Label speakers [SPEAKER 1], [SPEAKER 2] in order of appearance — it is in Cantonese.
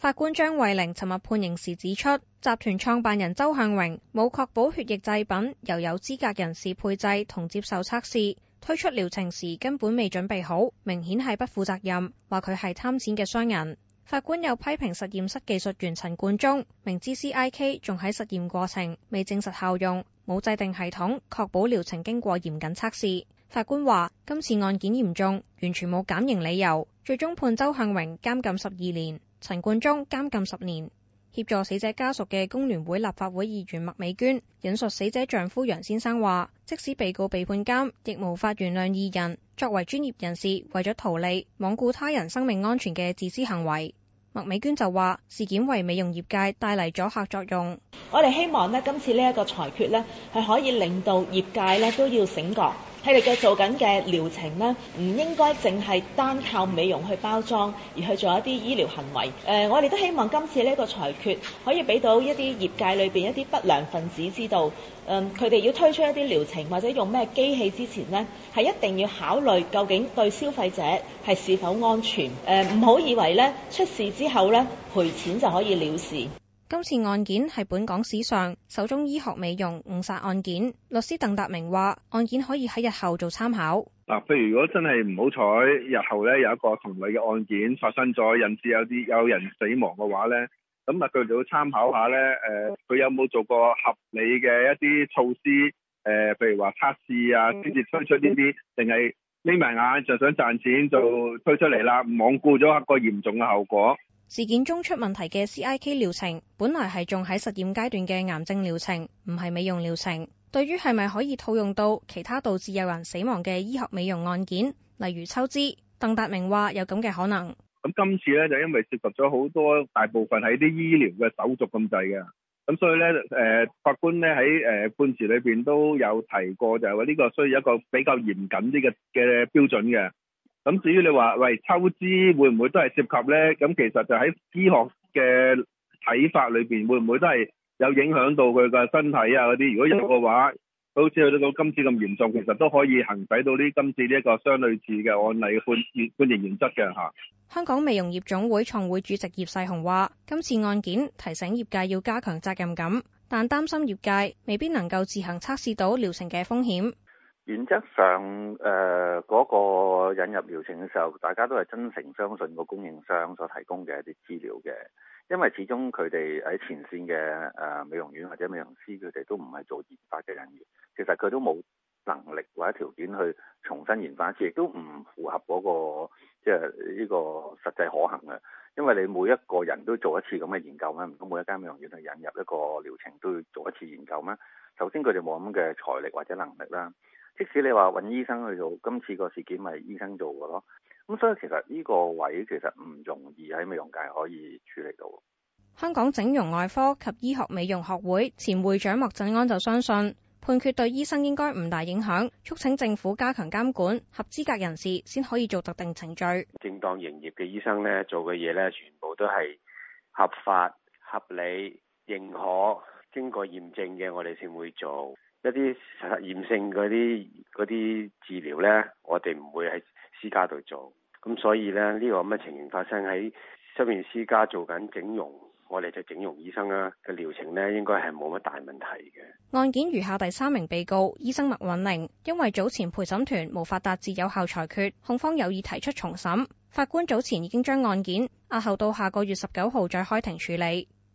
[SPEAKER 1] 法官張慧玲尋日判刑時指出，集團創辦人周向榮冇確保血液製品由有資格人士配製同接受測試，推出療程時根本未準備好，明顯係不負責任。話佢係貪錢嘅商人。法官又批評實驗室技術員陳冠忠明知 CIK 仲喺實驗過程未證實效用，冇制定系統確保療程經過嚴謹測試。法官話今次案件嚴重，完全冇減刑理由，最終判周向榮監禁十二年。陳冠忠監禁十年。協助死者家屬嘅工聯會立法會議員麥美娟引述死者丈夫楊先生話，即使被告被判監，亦無法原諒二人作為專業人士為咗圖利，罔顧他人生命安全嘅自私行為。麥美娟就話，事件為美容業界帶嚟阻嚇作用。我哋希望呢，今次呢一個裁決呢，係可以令到業界呢都要醒覺。佢哋嘅做緊嘅療程咧，
[SPEAKER 2] 唔應該淨係單靠美容去包裝，而去做一啲醫療行為。誒，我哋都希望今次呢個裁決可以俾到一啲業界裏邊一啲不良分子知道，誒，佢哋要推出一啲療程或者用咩機器之前呢，係一定要考慮究竟對消費者係是否安全。誒，唔好以為呢，出事之後呢，賠錢就可以了事。
[SPEAKER 1] 今次案件係本港史上首宗醫學美容誤殺案件。律師鄧達明話：案件可以喺日後做參考。
[SPEAKER 2] 嗱，譬如果真係唔好彩，日後咧有一個同類嘅案件發生咗，引致有啲有人死亡嘅話咧，咁啊，佢就要參考下咧。誒、呃，佢有冇做過合理嘅一啲措施？誒、呃，譬如話測試啊，先至推出呢啲，定係眯埋眼就想賺錢就推出嚟啦，罔顧咗一個嚴重嘅後果。
[SPEAKER 1] 事件中出問題嘅 C I K 療程，本來係仲喺實驗階段嘅癌症療程，唔係美容療程。對於係咪可以套用到其他導致有人死亡嘅醫學美容案件，例如抽脂，鄧達明話有咁嘅可能。
[SPEAKER 2] 咁今次咧就因為涉及咗好多大部分係啲醫療嘅手續咁滯嘅，咁所以咧誒、呃、法官咧喺誒判詞裏邊都有提過，就係話呢個需要一個比較嚴謹啲嘅嘅標準嘅。咁至於你話喂抽脂會唔會都係涉及呢？咁其實就喺醫學嘅睇法裏邊，會唔會都係有影響到佢個身體啊嗰啲？如果有嘅話，好似去到今次咁嚴重，其實都可以行使到呢今次呢一個相類似嘅案例判判刑原則嘅嚇。
[SPEAKER 1] 香港美容業總會創會主席葉世雄話，今次案件提醒業界要加強責任感，但擔心業界未必能夠自行測試到療程嘅風險。
[SPEAKER 3] 原則上，誒、呃、嗰、嗰個引入療程嘅時候，大家都係真誠相信個供應商所提供嘅一啲資料嘅，因為始終佢哋喺前線嘅美容院或者美容師，佢哋都唔係做研發嘅人員，其實佢都冇能力或者條件去重新研發一次，亦都唔符合嗰、嗰個即係呢個實際可行嘅，因為你每一個人都做一次咁嘅研究咩？唔通每一間美容院去引入一個療程都要做一次研究咩？首先佢哋冇咁嘅財力或者能力啦。即使你話揾醫生去做，今次個事件咪醫生做嘅咯。咁所以其實呢個位其實唔容易喺美容界可以處理
[SPEAKER 1] 到。香港整容外科及醫學美容學會前會長莫振安就相信判決對醫生應該唔大影響，促請政府加強監管，合資格人士先可以做特定程序。
[SPEAKER 4] 正當營業嘅醫生咧，做嘅嘢咧，全部都係合法、合理、認可、經過驗證嘅，我哋先會做。一啲實驗性嗰啲嗰啲治療咧，我哋唔會喺私家度做，咁所以咧呢、呢個咁嘅情形發生喺出面私家做緊整容，我哋就整容醫生啦嘅療程咧，應該係冇乜大問題
[SPEAKER 1] 嘅。案件如下，第三名被告醫生麥韻玲，因為早前陪審團無法達至有效裁決，控方有意提出重審，法官早前已經將案件押後到下個月十九號再開庭處理。